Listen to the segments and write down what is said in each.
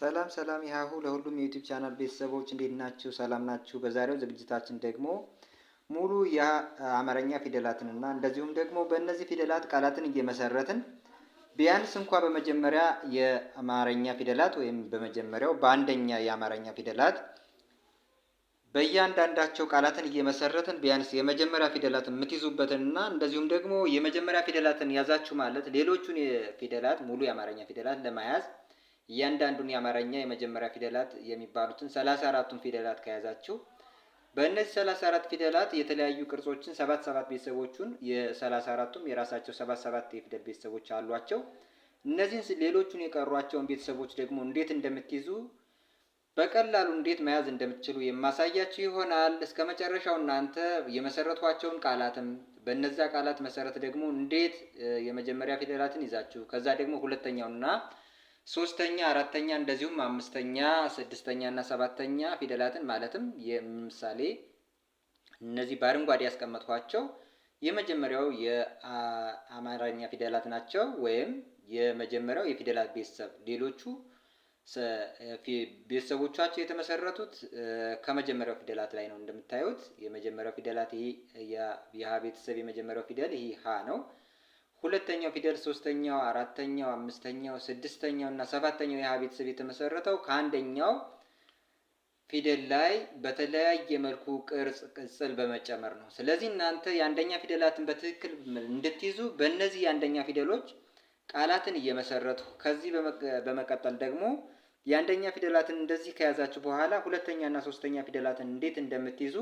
ሰላም ሰላም ይሃሁ ለሁሉም የዩቲዩብ ቻናል ቤተሰቦች እንዴት ናችሁ? ሰላም ናችሁ? በዛሬው ዝግጅታችን ደግሞ ሙሉ የአማርኛ ፊደላትን እና እንደዚሁም ደግሞ በእነዚህ ፊደላት ቃላትን እየመሰረትን ቢያንስ እንኳ በመጀመሪያ የአማርኛ ፊደላት ወይም በመጀመሪያው በአንደኛ የአማርኛ ፊደላት በእያንዳንዳቸው ቃላትን እየመሰረትን ቢያንስ የመጀመሪያ ፊደላትን የምትይዙበትን እና እንደዚሁም ደግሞ የመጀመሪያ ፊደላትን ያዛችሁ ማለት ሌሎቹን ፊደላት ሙሉ የአማርኛ ፊደላት ለመያዝ እያንዳንዱን የአማርኛ የመጀመሪያ ፊደላት የሚባሉትን ሰላሳ አራቱን ፊደላት ከያዛችሁ በእነዚህ ሰላሳ አራት ፊደላት የተለያዩ ቅርጾችን ሰባት ሰባት ቤተሰቦቹን የሰላሳ አራቱም የራሳቸው ሰባት ሰባት የፊደል ቤተሰቦች አሏቸው። እነዚህን ሌሎቹን የቀሯቸውን ቤተሰቦች ደግሞ እንዴት እንደምትይዙ በቀላሉ እንዴት መያዝ እንደምትችሉ የማሳያችሁ ይሆናል። እስከ መጨረሻው እናንተ የመሰረቷቸውን ቃላትም በእነዛ ቃላት መሰረት ደግሞ እንዴት የመጀመሪያ ፊደላትን ይዛችሁ ከዛ ደግሞ ሁለተኛውና ሶስተኛ፣ አራተኛ እንደዚሁም አምስተኛ፣ ስድስተኛ እና ሰባተኛ ፊደላትን ማለትም የምሳሌ እነዚህ በአረንጓዴ ያስቀመጥኳቸው የመጀመሪያው የአማርኛ ፊደላት ናቸው ወይም የመጀመሪያው የፊደላት ቤተሰብ። ሌሎቹ ቤተሰቦቻቸው የተመሰረቱት ከመጀመሪያው ፊደላት ላይ ነው። እንደምታዩት የመጀመሪያው ፊደላት ይህ የሀ ቤተሰብ የመጀመሪያው ፊደል ይህ ሀ ነው። ሁለተኛው ፊደል ሶስተኛው፣ አራተኛው፣ አምስተኛው፣ ስድስተኛው እና ሰባተኛው የሀ ቤተሰብ የተመሰረተው ከአንደኛው ፊደል ላይ በተለያየ መልኩ ቅርጽ ቅጽል በመጨመር ነው። ስለዚህ እናንተ የአንደኛ ፊደላትን በትክክል እንድትይዙ በእነዚህ የአንደኛ ፊደሎች ቃላትን እየመሰረቱ ከዚህ በመቀጠል ደግሞ የአንደኛ ፊደላትን እንደዚህ ከያዛችሁ በኋላ ሁለተኛ እና ሶስተኛ ፊደላትን እንዴት እንደምትይዙ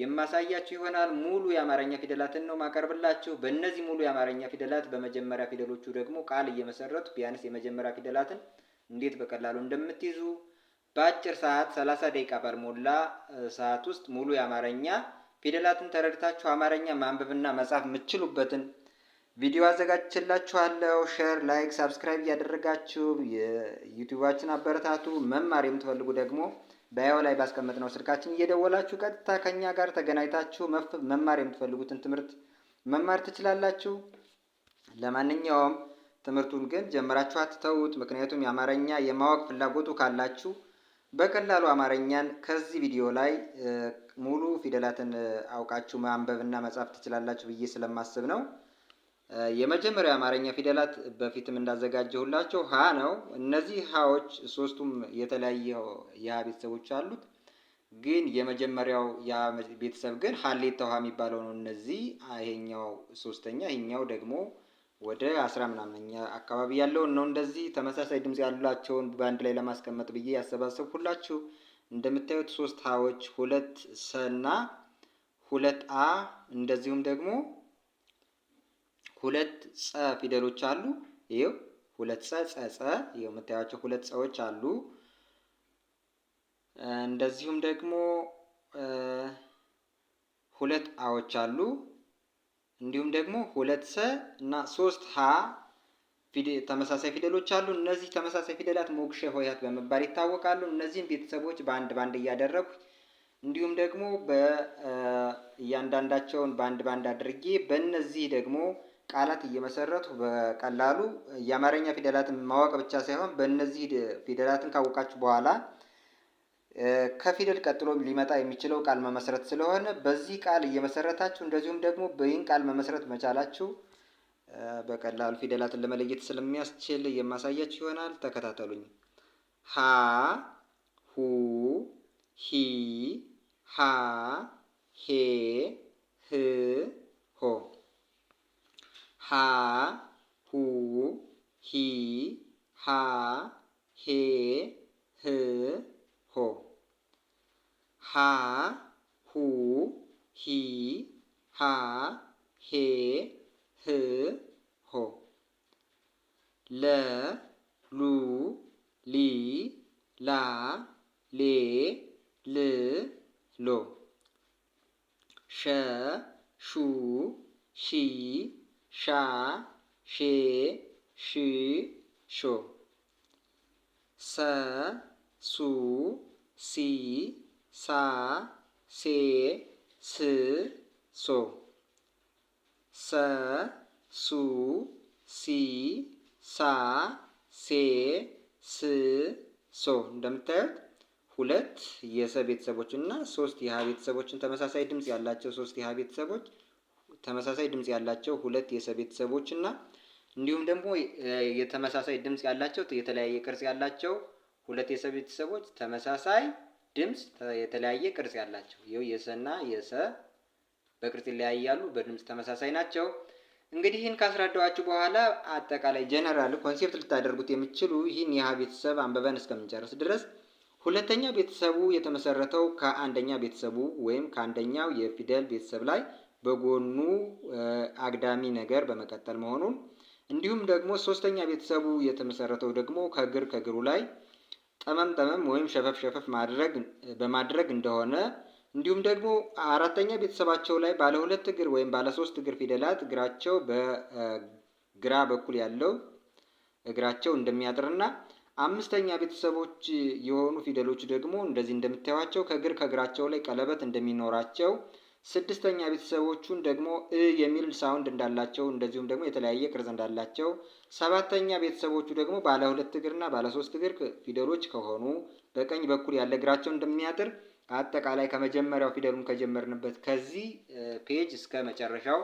የማሳያችሁ ይሆናል። ሙሉ የአማርኛ ፊደላትን ነው ማቀርብላችሁ። በእነዚህ ሙሉ የአማርኛ ፊደላት በመጀመሪያ ፊደሎቹ ደግሞ ቃል እየመሰረቱ ቢያንስ የመጀመሪያ ፊደላትን እንዴት በቀላሉ እንደምትይዙ በአጭር ሰዓት 30 ደቂቃ ባልሞላ ሰዓት ውስጥ ሙሉ የአማርኛ ፊደላትን ተረድታችሁ አማርኛ ማንበብና መጻፍ የምትችሉበትን ቪዲዮ አዘጋጅችላችኋለሁ። ሼር፣ ላይክ፣ ሳብስክራይብ እያደረጋችሁ የዩቲዩባችን አበረታቱ። መማር የምትፈልጉ ደግሞ በያው ላይ ባስቀመጥነው ስልካችን እየደወላችሁ ቀጥታ ከኛ ጋር ተገናኝታችሁ መማር የምትፈልጉትን ትምህርት መማር ትችላላችሁ። ለማንኛውም ትምህርቱን ግን ጀምራችሁ አትተዉት። ምክንያቱም የአማርኛ የማወቅ ፍላጎቱ ካላችሁ በቀላሉ አማርኛን ከዚህ ቪዲዮ ላይ ሙሉ ፊደላትን አውቃችሁ ማንበብና መጻፍ ትችላላችሁ ብዬ ስለማስብ ነው። የመጀመሪያ አማረኛ ፊደላት በፊትም እንዳዘጋጀሁላቸው ሀ ነው። እነዚህ ሀዎች ሶስቱም የተለያየ የሀ ቤተሰቦች አሉት። ግን የመጀመሪያው ቤተሰብ ግን ሀሌታ ውሃ የሚባለው ነው። እነዚህ ይሄኛው ሶስተኛ፣ ይሄኛው ደግሞ ወደ አስራ ምናምነኛ አካባቢ ያለውን ነው። እንደዚህ ተመሳሳይ ድምፅ ያላቸውን በአንድ ላይ ለማስቀመጥ ብዬ ያሰባሰብሁላችሁ እንደምታዩት ሶስት ሀዎች ሁለት ሰና ሁለት አ እንደዚሁም ደግሞ ሁለት ፀ ፊደሎች አሉ። ይኸው ሁለት ጸ ጸ ጸ የምታያቸው ሁለት ፀዎች አሉ። እንደዚሁም ደግሞ ሁለት አዎች አሉ። እንዲሁም ደግሞ ሁለት ሰ እና ሶስት ሀ ተመሳሳይ ፊደሎች አሉ። እነዚህ ተመሳሳይ ፊደላት ሞክሼ ሆሄያት በመባል ይታወቃሉ። እነዚህም ቤተሰቦች በአንድ ባንድ እያደረጉ እንዲሁም ደግሞ በእያንዳንዳቸውን በአንድ ባንድ አድርጌ በእነዚህ ደግሞ ቃላት እየመሰረቱ በቀላሉ የአማርኛ ፊደላትን ማወቅ ብቻ ሳይሆን በእነዚህ ፊደላትን ካወቃችሁ በኋላ ከፊደል ቀጥሎ ሊመጣ የሚችለው ቃል መመስረት ስለሆነ በዚህ ቃል እየመሰረታችሁ እንደዚሁም ደግሞ በይህን ቃል መመስረት መቻላችሁ በቀላሉ ፊደላትን ለመለየት ስለሚያስችል የማሳያችሁ ይሆናል። ተከታተሉኝ። ሀ ሁ ሂ ሃ ሄ ህ ሆ ሀ ሁ ሂ ሃ ሄ ህ ሆ ሃ ሁ ሂ ሃ ሄ ህ ሆ ለ ሉ ሊ ላ ሌ ል ሎ ሸ ሹ ሺ ሻ ሼ ሺ ሾ ሰ ሱ ሲ ሳ ሴ ስ ሶ ሰ ሱ ሲ ሳ ሴ ስ ሶ እንደምታዩት ሁለት የሰ ቤተሰቦች እና ሶስት የሀ ቤተሰቦችን ተመሳሳይ ድምፅ ያላቸው ሶስት የሀ ቤተሰቦች ተመሳሳይ ድምፅ ያላቸው ሁለት የሰ ቤተሰቦች እና እንዲሁም ደግሞ የተመሳሳይ ድምፅ ያላቸው የተለያየ ቅርጽ ያላቸው ሁለት የሰ ቤተሰቦች ተመሳሳይ ድምፅ የተለያየ ቅርጽ ያላቸው ይኸው የሰና የሰ በቅርጽ ይለያያሉ፣ በድምፅ ተመሳሳይ ናቸው። እንግዲህ ይህን ካስረዳኋችሁ በኋላ አጠቃላይ ጀነራል ኮንሴፕት ልታደርጉት የሚችሉ ይህን የሀ ቤተሰብ አንበበን እስከምንጨርስ ድረስ ሁለተኛ ቤተሰቡ የተመሰረተው ከአንደኛ ቤተሰቡ ወይም ከአንደኛው የፊደል ቤተሰብ ላይ በጎኑ አግዳሚ ነገር በመቀጠል መሆኑን እንዲሁም ደግሞ ሶስተኛ ቤተሰቡ የተመሰረተው ደግሞ ከእግር ከእግሩ ላይ ጠመም ጠመም ወይም ሸፈፍ ሸፈፍ ማድረግ በማድረግ እንደሆነ እንዲሁም ደግሞ አራተኛ ቤተሰባቸው ላይ ባለ ሁለት እግር ወይም ባለ ሶስት እግር ፊደላት እግራቸው በግራ በኩል ያለው እግራቸው እንደሚያጥርና አምስተኛ ቤተሰቦች የሆኑ ፊደሎች ደግሞ እንደዚህ እንደምታዩቸው ከእግር ከእግራቸው ላይ ቀለበት እንደሚኖራቸው ስድስተኛ ቤተሰቦቹን ደግሞ እ የሚል ሳውንድ እንዳላቸው እንደዚሁም ደግሞ የተለያየ ቅርጽ እንዳላቸው፣ ሰባተኛ ቤተሰቦቹ ደግሞ ባለ ሁለት እግርና ባለ ሶስት እግር ፊደሎች ከሆኑ በቀኝ በኩል ያለ እግራቸው እንደሚያጥር አጠቃላይ ከመጀመሪያው ፊደሉን ከጀመርንበት ከዚህ ፔጅ እስከ መጨረሻው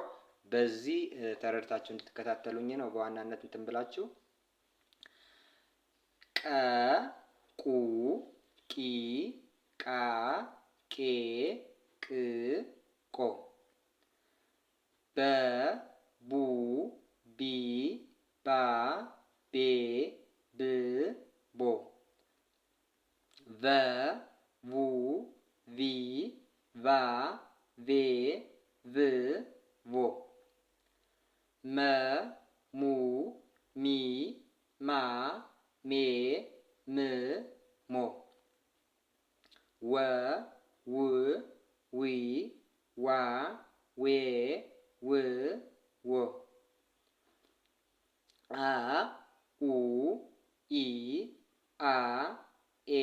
በዚህ ተረድታችሁ እንድትከታተሉኝ ነው። በዋናነት እንትን ብላችሁ ቀ ቁ ቂ ቃ ቄ ቅ ቆ በ ቡ ቢ ባ ቤ ብ ቦ ቨ ቡ ቪ ቫ ቬ ቭ ቮ መ ሙ ሚ ማ ሜ ም ሞ ወ ው ዊ ዋ ዌ ው ዎ አ ኡ ኢ አ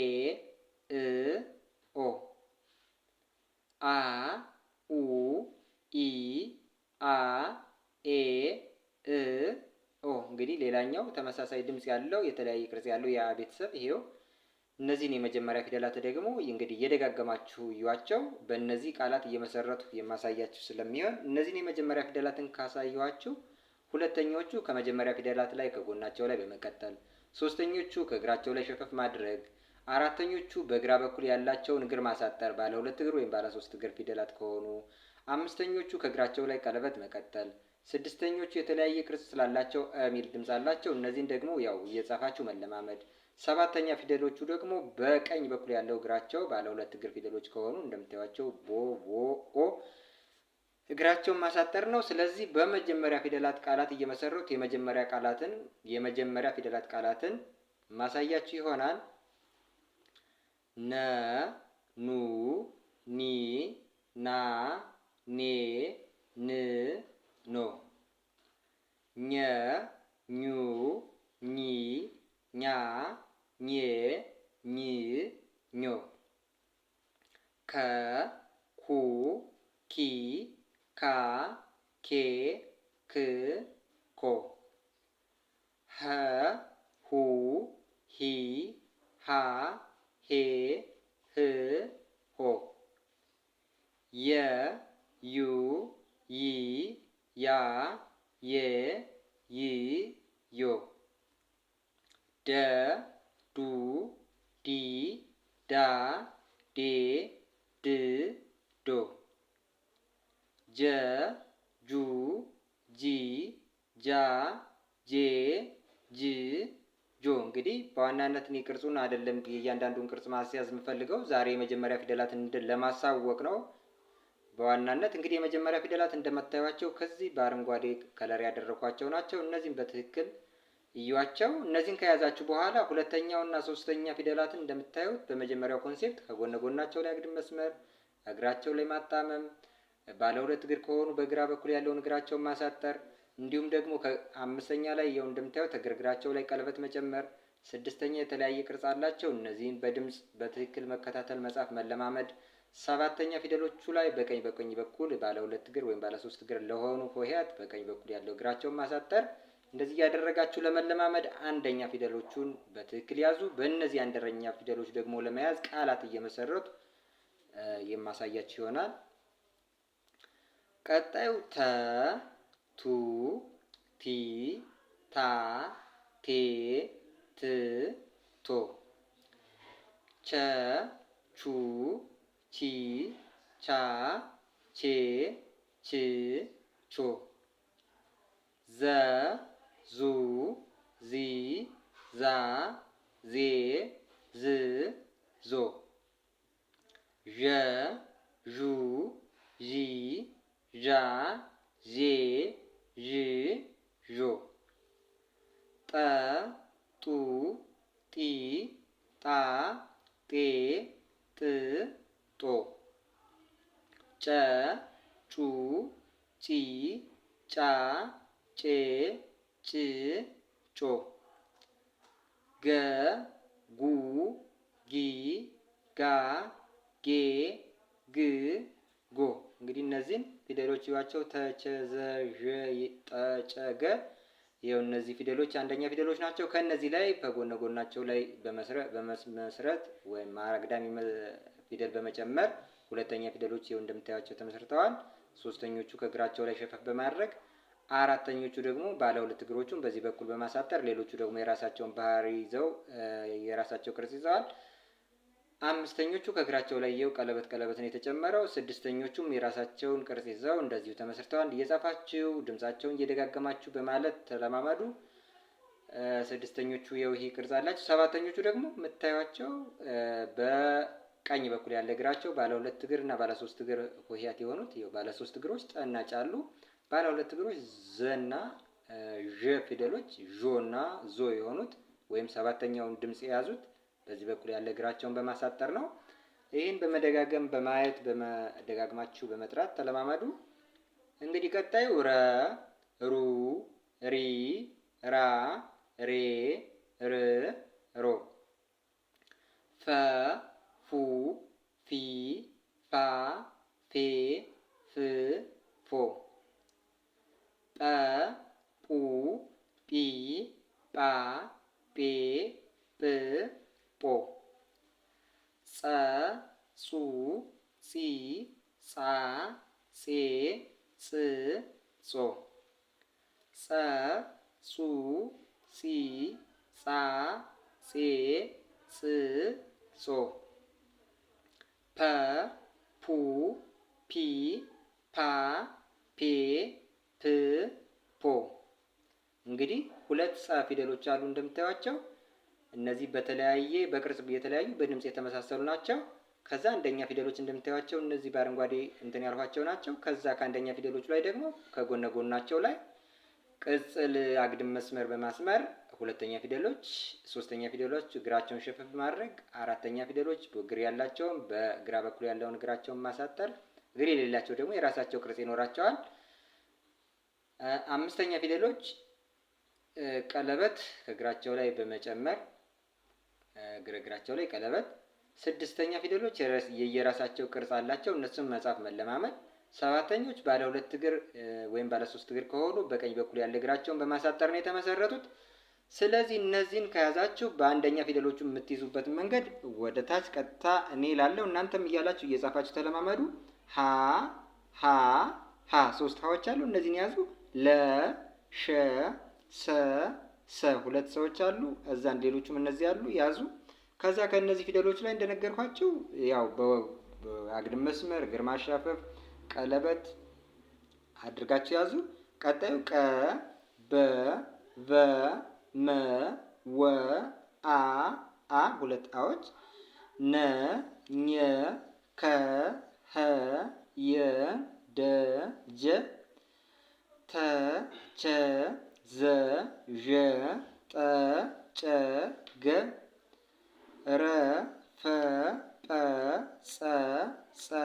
ኤ እ ኦ አ ኡ ኢ አ ኤ እ ኦ እንግዲህ ሌላኛው ተመሳሳይ ድምጽ ያለው የተለያየ ቅርጽ ያለው ያ ቤተሰብ ይሄው እነዚህን የመጀመሪያ ፊደላት ደግሞ እንግዲህ እየደጋገማችሁ እዩዋቸው። በእነዚህ ቃላት እየመሰረቱ የማሳያችሁ ስለሚሆን እነዚህን የመጀመሪያ ፊደላትን ካሳየኋችሁ ሁለተኞቹ ከመጀመሪያ ፊደላት ላይ ከጎናቸው ላይ በመቀጠል ሶስተኞቹ ከእግራቸው ላይ ሸፈፍ ማድረግ አራተኞቹ በግራ በኩል ያላቸውን እግር ማሳጠር ባለ ሁለት እግር ወይም ባለ ሶስት እግር ፊደላት ከሆኑ አምስተኞቹ ከእግራቸው ላይ ቀለበት መቀጠል ስድስተኞቹ የተለያየ ቅርጽ ስላላቸው የሚል ድምፅ አላቸው። እነዚህን ደግሞ ያው እየጻፋችሁ መለማመድ ሰባተኛ ፊደሎቹ ደግሞ በቀኝ በኩል ያለው እግራቸው ባለ ሁለት እግር ፊደሎች ከሆኑ እንደምታዩቸው ቦ፣ ቦ፣ ኦ እግራቸውን ማሳጠር ነው። ስለዚህ በመጀመሪያ ፊደላት ቃላት እየመሰሩት የመጀመሪያ ቃላትን የመጀመሪያ ፊደላት ቃላትን ማሳያችሁ ይሆናል። ነ፣ ኑ፣ ኒ፣ ና፣ ኔ፣ ን፣ ኖ፣ ኘ፣ ኙ፣ ኚ፣ ኛ ኜ ኝ ኞ ከ ኩ ኪ ካ ኬ ክ ኮ ኸ ሁ ሂ ሃ ሄ ህ ሆ የ ዩ ይ ያ የ ይ ዮ ደ ዱ ዲ ዳ ዴ ድ ዶ ጀ ጁ ጂ ጃ ጄ ጅ ጆ እንግዲህ በዋናነት እኔ ቅርጹን አይደለም እያንዳንዱን ቅርጽ ማስያዝ የምፈልገው ዛሬ የመጀመሪያ ፊደላትን ለማሳወቅ ነው። በዋናነት እንግዲህ የመጀመሪያ ፊደላት እንደምታዩቸው ከዚህ በአረንጓዴ ከለር ያደረኳቸው ናቸው። እነዚህም በትክክል እዩዋቸው። እነዚህን ከያዛችሁ በኋላ ሁለተኛው እና ሶስተኛ ፊደላትን እንደምታዩት በመጀመሪያው ኮንሴፕት ከጎነ ጎናቸው ላይ አግድም መስመር፣ እግራቸው ላይ ማጣመም፣ ባለ ሁለት እግር ከሆኑ በግራ በኩል ያለውን እግራቸውን ማሳጠር እንዲሁም ደግሞ ከአምስተኛ ላይ የው እንደምታዩት እግርግራቸው ላይ ቀለበት መጨመር። ስድስተኛ የተለያየ ቅርጽ አላቸው። እነዚህን በድምፅ በትክክል መከታተል መጻፍ መለማመድ። ሰባተኛ ፊደሎቹ ላይ በቀኝ በቀኝ በኩል ባለ ሁለት እግር ወይም ባለ ሶስት እግር ለሆኑ ሆሄያት በቀኝ በኩል ያለው እግራቸውን ማሳጠር እንደዚህ ያደረጋችሁ ለመለማመድ አንደኛ ፊደሎቹን በትክክል ያዙ። በእነዚህ አንደረኛ ፊደሎች ደግሞ ለመያዝ ቃላት እየመሰረቱ የማሳያችሁ ይሆናል። ቀጣዩ ተ፣ ቱ፣ ቲ፣ ታ፣ ቴ፣ ት፣ ቶ፣ ቸ፣ ቹ፣ ቺ፣ ቻ፣ ቼ፣ ች፣ ቾ፣ ዘ ዙ ዚ ዛ ዜ ዝ ዞ ዠ ዡ ዢ ዣ ዤ ዥ ዦ ጠ ጡ ጢ ጣ ጤ ጥ ጦ ጨ ጩ ጪ ጫ ጬ ጭ ጮ ገ ጉ ጊ ጋ ጌ ግ ጎ እንግዲህ እነዚህን ፊደሎች ይዋቸው ተቸዘዠጠጨገ ይኸው እነዚህ ፊደሎች አንደኛ ፊደሎች ናቸው። ከእነዚህ ላይ ከጎነ ጎናቸው ላይ በመስረት ወይም አግዳሚ ፊደል በመጨመር ሁለተኛ ፊደሎች ይኸው እንደምታያቸው ተመስርተዋል። ሶስተኞቹ ከእግራቸው ላይ ሸፈፍ በማድረግ አራተኞቹ ደግሞ ባለ ሁለት እግሮቹን በዚህ በኩል በማሳጠር ሌሎቹ ደግሞ የራሳቸውን ባህሪ ይዘው የራሳቸው ቅርጽ ይዘዋል። አምስተኞቹ ከእግራቸው ላይ የው ቀለበት ቀለበትን የተጨመረው፣ ስድስተኞቹም የራሳቸውን ቅርጽ ይዘው እንደዚሁ ተመስርተዋል። እየጻፋችሁ ድምጻቸውን እየደጋገማችሁ በማለት ተለማመዱ። ስድስተኞቹ የውሂ ቅርጽ አላቸው። ሰባተኞቹ ደግሞ የምታዩቸው በቀኝ በኩል ያለ እግራቸው ባለ ሁለት እግር እና ባለ ሶስት እግር ሆሄያት የሆኑት ባለ ሶስት እግሮች ጠና ጫሉ ባለ ሁለት እግሮች ዘና ዠ ፊደሎች ዦና ዞ የሆኑት ወይም ሰባተኛውን ድምፅ የያዙት በዚህ በኩል ያለ እግራቸውን በማሳጠር ነው። ይህን በመደጋገም በማየት በመደጋግማችሁ በመጥራት ተለማመዱ። እንግዲህ ቀጣዩ ረ፣ ሩ፣ ሪ፣ ራ፣ ሬ፣ ር፣ ሮ፣ ፈ፣ ፉ፣ ፊ፣ ፋ፣ ፌ፣ ፍ፣ ፎ ጠ ጱ ጲ ጳ ጴ ጵ ጶ ጸ ጹ ጺ ጻ ጼ ጽ ጾ ጸ ጹ ጺ ጻ ጼ ጽ ጾ ፐ ፑ ፒ ፓ ፔ ት ፖ እንግዲህ ሁለት ፀ ፊደሎች አሉ እንደምታዩቸው። እነዚህ በተለያየ በቅርጽ የተለያዩ በድምፅ የተመሳሰሉ ናቸው። ከዛ አንደኛ ፊደሎች እንደምታዩቸው እነዚህ በአረንጓዴ እንትን ያልኋቸው ናቸው። ከዛ ከአንደኛ ፊደሎቹ ላይ ደግሞ ከጎነ ጎናቸው ላይ ቅጽል አግድም መስመር በማስመር ሁለተኛ ፊደሎች፣ ሶስተኛ ፊደሎች እግራቸውን ሸፈፍ ማድረግ፣ አራተኛ ፊደሎች እግር ያላቸውን በግራ በኩል ያለውን እግራቸውን ማሳጠር፣ እግር የሌላቸው ደግሞ የራሳቸው ቅርጽ ይኖራቸዋል። አምስተኛ ፊደሎች ቀለበት ከእግራቸው ላይ በመጨመር ግርግራቸው ላይ ቀለበት። ስድስተኛ ፊደሎች የየራሳቸው ቅርጽ አላቸው፣ እነሱም መጻፍ መለማመድ። ሰባተኞች ባለ ሁለት እግር ወይም ባለ ሶስት እግር ከሆኑ በቀኝ በኩል ያለ እግራቸውን በማሳጠር ነው የተመሰረቱት። ስለዚህ እነዚህን ከያዛችሁ በአንደኛ ፊደሎቹ የምትይዙበት መንገድ ወደ ታች ቀጥታ እኔ ላለው እናንተም እያላችሁ እየጻፋችሁ ተለማመዱ። ሀ ሀ ሀ ሶስት ሀዎች አሉ። እነዚህን ያዙ። ለሸሰሰ ሰ ሰ ሁለት ሰዎች አሉ። እዛን ሌሎቹም እነዚህ አሉ ያዙ። ከዛ ከእነዚህ ፊደሎች ላይ እንደነገርኳቸው ያው በአግድም መስመር እግር ማሻፈፍ ቀለበት አድርጋቸው ያዙ። ቀጣዩ ቀ በ በ መ ወ አ አ ሁለት አዎች ነ ኘ ከ ሀ የ ደ ጀ ተ ቸ ዘ ዠ ጠ ጨ ገ ረ ፈ ጰ ጸ ጸ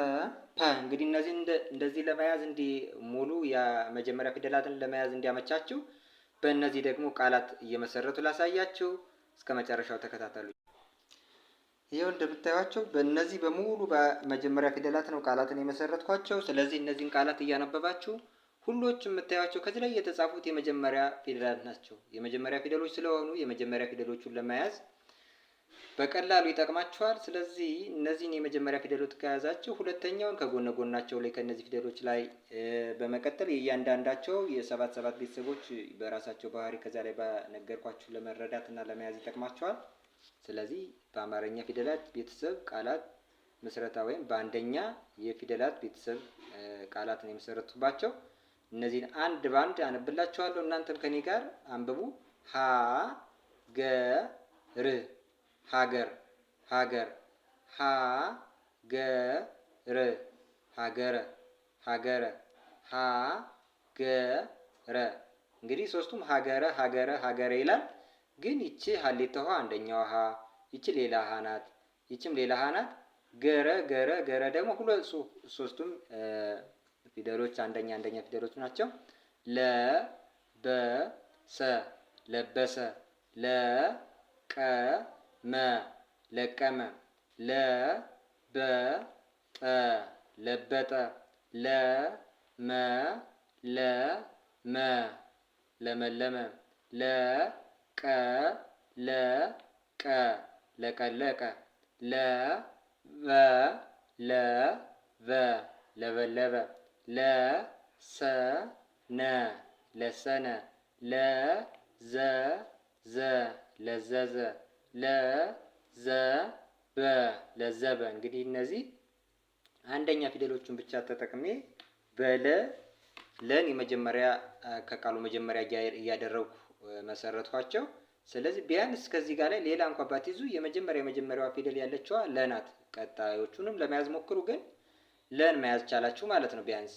ፐ እንግዲህ እነዚህ እንደዚህ ለመያዝ እንዲህ ሙሉ የመጀመሪያ ፊደላትን ለመያዝ እንዲያመቻችሁ በእነዚህ ደግሞ ቃላት እየመሰረቱ ላሳያችሁ። እስከ መጨረሻው ተከታተሉ። ይኸው እንደምታዩቸው በእነዚህ በሙሉ በመጀመሪያ ፊደላት ነው ቃላትን የመሰረትኳቸው። ስለዚህ እነዚህን ቃላት እያነበባችሁ ሁሎች የምታያቸው ከዚህ ላይ የተጻፉት የመጀመሪያ ፊደላት ናቸው። የመጀመሪያ ፊደሎች ስለሆኑ የመጀመሪያ ፊደሎቹን ለመያዝ በቀላሉ ይጠቅማቸዋል። ስለዚህ እነዚህን የመጀመሪያ ፊደሎች ከያዛቸው ሁለተኛውን ከጎነ ጎናቸው ላይ ከእነዚህ ፊደሎች ላይ በመቀጠል የእያንዳንዳቸው የሰባት ሰባት ቤተሰቦች በራሳቸው ባህሪ ከዛ ላይ በነገርኳችሁ ለመረዳት እና ለመያዝ ይጠቅማቸዋል። ስለዚህ በአማርኛ ፊደላት ቤተሰብ ቃላት ምስረታ ወይም በአንደኛ የፊደላት ቤተሰብ ቃላት ነው የመሰረቱባቸው። እነዚህን አንድ በአንድ አነብላችኋለሁ። እናንተም ከኔ ጋር አንብቡ። ሀ ገ ር ሀገር ሀገር ሀ ገ ር ሀገረ ሀገረ ሀ ገ ረ እንግዲህ ሶስቱም ሀገረ ሀገረ ሀገረ ይላል። ግን ይቺ ሀሌታ ውሃ አንደኛው ሀ ይቺ ሌላ ሀ ናት። ይችም ሌላ ሀ ናት። ገረ ገረ ገረ ደግሞ ሁለት ሶስቱም ፊደሎች አንደኛ አንደኛ ፊደሎች ናቸው። ለ ሰ ለበሰ ለቀመ ለቀመ ለበጠ ለበጠ ለመለመ ቀ ለቀለቀ ለቀለቀ በ ለበለበ ለሰነ ለሰነ ለዘዘ ለዘዘ ለዘበ ለዘበ እንግዲህ እነዚህ አንደኛ ፊደሎቹን ብቻ ተጠቅሜ በለ ለን የመጀመሪያ ከቃሉ መጀመሪያ እያደረጉ መሰረቷቸው። ስለዚህ ቢያንስ ከዚህ ጋር ላይ ሌላ እንኳ ባትይዙ የመጀመሪያ የመጀመሪያዋ ፊደል ያለችዋ ለናት። ቀጣዮቹንም ለመያዝ ሞክሩ ግን ለን መያዝ ቻላችሁ ማለት ነው ቢያንስ።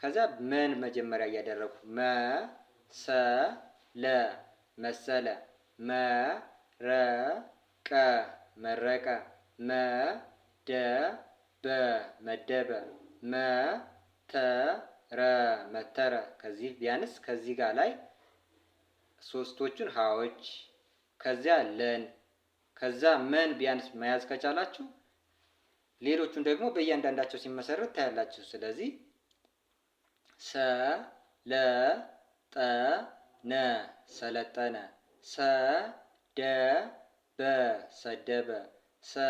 ከዛ ምን መጀመሪያ እያደረጉ መ ሰ ለ መሰለ መ ረ ቀ መረቀ መ ደ በ መደበ መ ተ ረ መተረ ከዚህ ቢያንስ ከዚህ ጋር ላይ ሶስቶቹን ሀዎች ከዚያ ለን ከዛ ምን ቢያንስ መያዝ ከቻላችሁ ሌሎቹን ደግሞ በእያንዳንዳቸው ሲመሰረት ታያላችሁ። ስለዚህ ሰ ለ ጠ ነ ሰለጠነ ሰ ደ በ ሰደበ ሰ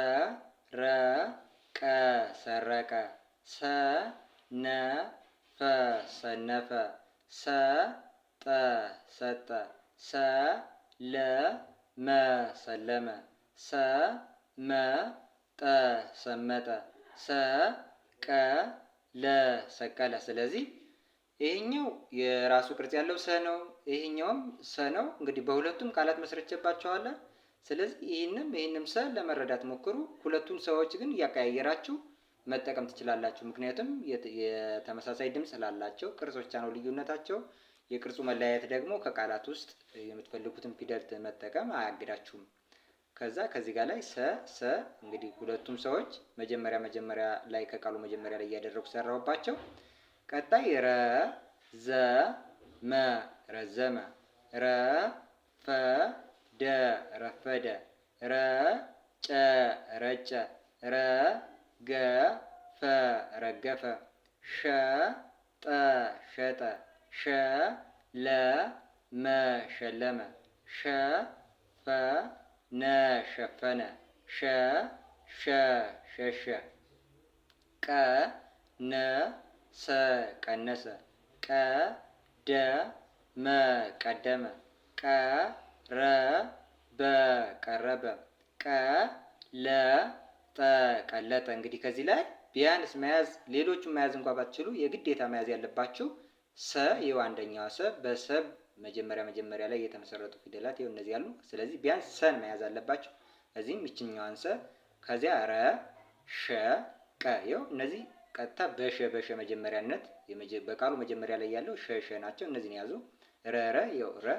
ረ ቀ ሰረቀ ሰ ነ ፈ ሰነፈ ሰ ጠ ሰጠ ሰ ለ መ ሰለመ ሰ መ ጠ ሰመጠ ሰ ቀ ለ ሰቀለ። ስለዚህ ይሄኛው የራሱ ቅርጽ ያለው ሰ ነው፣ ይሄኛውም ሰ ነው። እንግዲህ በሁለቱም ቃላት መስርቼባቸዋለሁ። ስለዚህ ይህንም ይህንም ሰ ለመረዳት ሞክሩ። ሁለቱን ሰዎች ግን እያቀያየራችሁ መጠቀም ትችላላችሁ። ምክንያቱም የተመሳሳይ ድምፅ ላላቸው ቅርጾቻ ነው ልዩነታቸው። የቅርጹ መለያየት ደግሞ ከቃላት ውስጥ የምትፈልጉትን ፊደል መጠቀም አያግዳችሁም። ከዛ ከዚህ ጋር ላይ ሰ ሰ እንግዲህ ሁለቱም ሰዎች መጀመሪያ መጀመሪያ ላይ ከቃሉ መጀመሪያ ላይ እያደረጉ ሰራውባቸው ቀጣይ ረ ዘ መ ረዘመ ረ ፈ ደ ረፈደ ረ ጨ ረጨ ረ ገ ፈ ረገፈ ሸ ጠ ሸጠ ሸ ለ መ ሸለመ ሸ ፈ ነ ሸፈነ ሸ ሸ ሸሸ ቀ ነ ሰ ቀነሰ ቀ ደ መ ቀደመ ቀ ረ በ ቀረበ ቀ ለ ጠ ቀለጠ። እንግዲህ ከዚህ ላይ ቢያንስ መያዝ ሌሎቹን መያዝ እንኳ ባትችሉ የግዴታ መያዝ ያለባችሁ ሰ ይኸው አንደኛዋ ሰ በሰብ መጀመሪያ መጀመሪያ ላይ የተመሰረቱ ፊደላት ይኸው እነዚህ ያሉ። ስለዚህ ቢያንስ ሰን መያዝ አለባቸው። እዚህም ይችኛዋን ሰ ከዚያ ረ፣ ሸ፣ ቀ ይኸው እነዚህ ቀጥታ በሸ በሸ መጀመሪያነት በቃሉ መጀመሪያ ላይ ያለው ሸ ሸ ናቸው። እነዚህን ያዙ። ረ ረ ይኸው ረ፣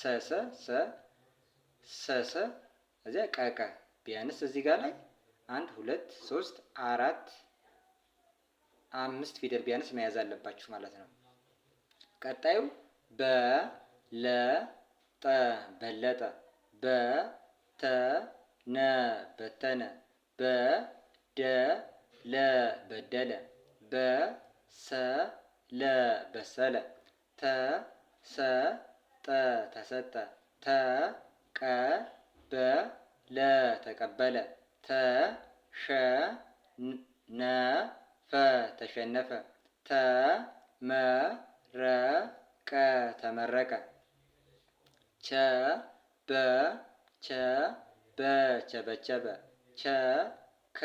ሰ ሰ ሰ ሰ ሰ እዚያ ቀ ቀ። ቢያንስ እዚህ ጋር ላይ አንድ ሁለት ሶስት አራት አምስት ፊደል ቢያንስ መያዝ አለባችሁ ማለት ነው። ቀጣዩ በለጠ በለጠ በተነ በተነ በደለ በደለ በሰለ በሰለ ተሰጠ ተሰጠ ተቀበለ ተቀበለ ተሸነፈ ተሸነፈ ተመረቀ ቀ ተመረቀ ቸ በ ቸ በቸበቸበ ቸ ከ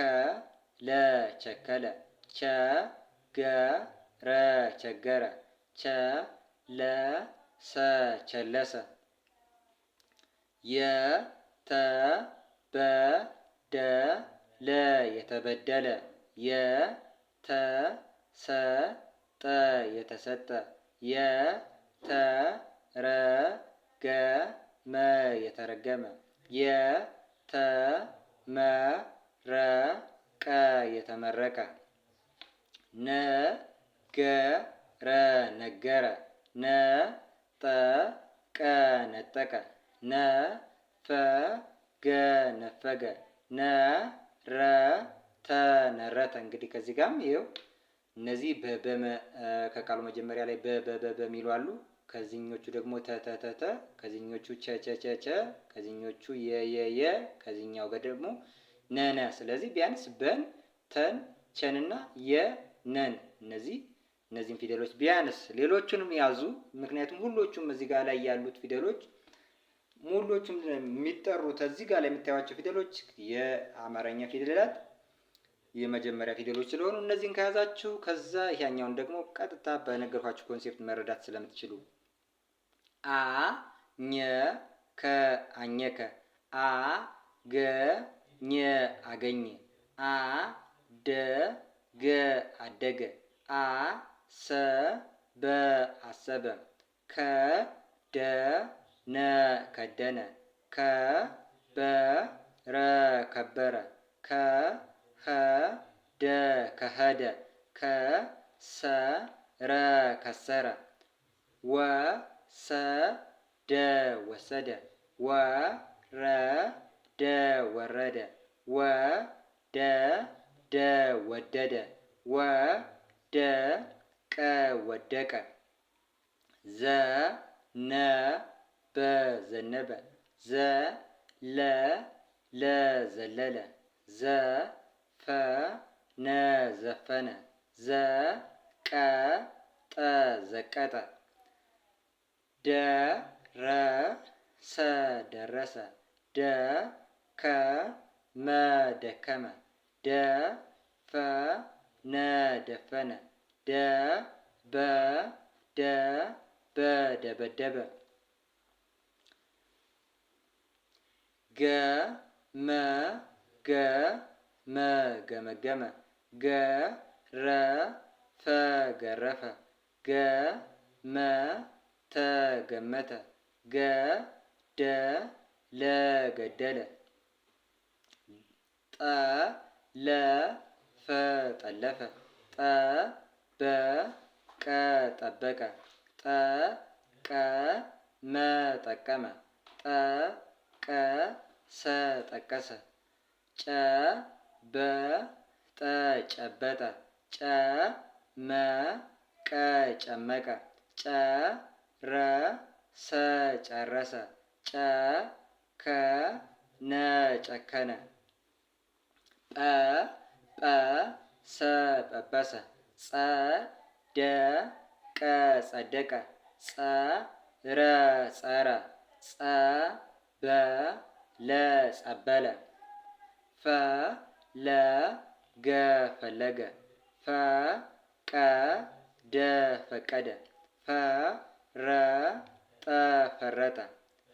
ለ ቸከለ ቸ ገ ረ ቸገረ ቸ ለ ሰ ቸለሰ የ ተ በ ደ ለ የተበደለ የ ተ ሰ ጠ የተሰጠ የ ተረገመ የተረገመ የተመረቀ የተመረቀ ነገረ ነገረ ነጠቀ ነጠቀ ነፈገ ነፈገ ነረተ ነረተ እንግዲህ ከዚህ ጋርም ይኸው እነዚህ በበመ ከቃሉ መጀመሪያ ላይ በበበ የሚሉ አሉ። ከዚኞቹ ደግሞ ተተተተ፣ ከዚኞቹ ቸቸቸቸ፣ ከዚኞቹ የየየ፣ ከዚኛው ጋር ደግሞ ነነ። ስለዚህ ቢያንስ በን ተን ቸንና የነን እነዚህ እነዚህም ፊደሎች ቢያንስ ሌሎቹንም ያዙ። ምክንያቱም ሁሎቹም እዚህ ጋር ላይ ያሉት ፊደሎች ሙሎቹም የሚጠሩት እዚህ ጋር ላይ የምታዩቸው ፊደሎች የአማርኛ ፊደላት የመጀመሪያ ፊደሎች ስለሆኑ እነዚህን ከያዛችሁ ከዛ ያኛውን ደግሞ ቀጥታ በነገርኳችሁ ኮንሴፕት መረዳት ስለምትችሉ a nye ke anye ke a ge nye age nye a de ge ade ge a se be ase be ke de ne ke de ne ke be re ke be re ke he de ke he de ke se re ke se re we ሰ ደ ወሰደ ወ ረ ደ ወረደ ወ ደ ደ ወደደ ወ ደ ቀ ወደቀ ዘ ነ በ ዘነበ ዘ ለ ለ ዘለለ ዘ ፈ ነ ዘፈነ ዘ ቀ ጠ ዘቀጠ ደረሰ ደረሰ ደከመ ደከመ ደፈነ ደፈነ ደበደበ ደበደበ ገመገመ ገመገመ ገረፈ ገረፈ ገመ ተገመተ ገ ደ ለ ገደለ ጠ ለ ፈ ጠለፈ ጠ በ ቀ ጠበቀ ጠ ቀ መ ጠቀመ ጠ ቀ ሰ ጠቀሰ ጨ በ ጠ ጨበጠ ጨ መ ቀ ጨመቀ ጨ ረሰ ጨረሰ ጨከነ ጨከነ ጰጰሰ ጰበሰ ጸደቀ ጸደቀ ጸረ ጸረ ጸበለ ጸበለ ፈለገ ፈለገ ፈቀደ ፈቀደ ፈ ረጠፈረጠ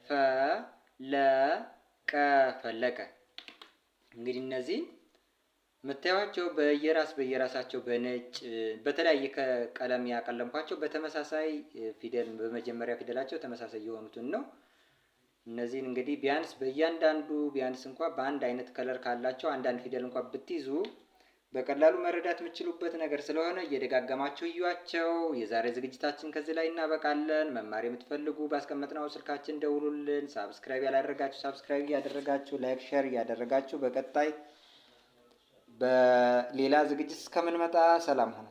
ፈረጠ ፈለቀ ፈለቀ። እንግዲህ እነዚህ የምታዩቸው በየራስ በየራሳቸው በነጭ በተለያየ ቀለም ያቀለምኳቸው በተመሳሳይ ፊደል በመጀመሪያ ፊደላቸው ተመሳሳይ የሆኑትን ነው። እነዚህን እንግዲህ ቢያንስ በእያንዳንዱ ቢያንስ እንኳ በአንድ አይነት ከለር ካላቸው አንዳንድ ፊደል እንኳ ብትይዙ በቀላሉ መረዳት የምችሉበት ነገር ስለሆነ እየደጋገማችሁ እዩዋቸው። የዛሬ ዝግጅታችን ከዚህ ላይ እናበቃለን። መማር የምትፈልጉ ባስቀመጥነው ስልካችን ደውሉልን። ሳብስክራይብ ያላደረጋችሁ ሳብስክራይብ እያደረጋችሁ፣ ላይክ ሼር እያደረጋችሁ በቀጣይ በሌላ ዝግጅት እስከምንመጣ ሰላም ሁኑ።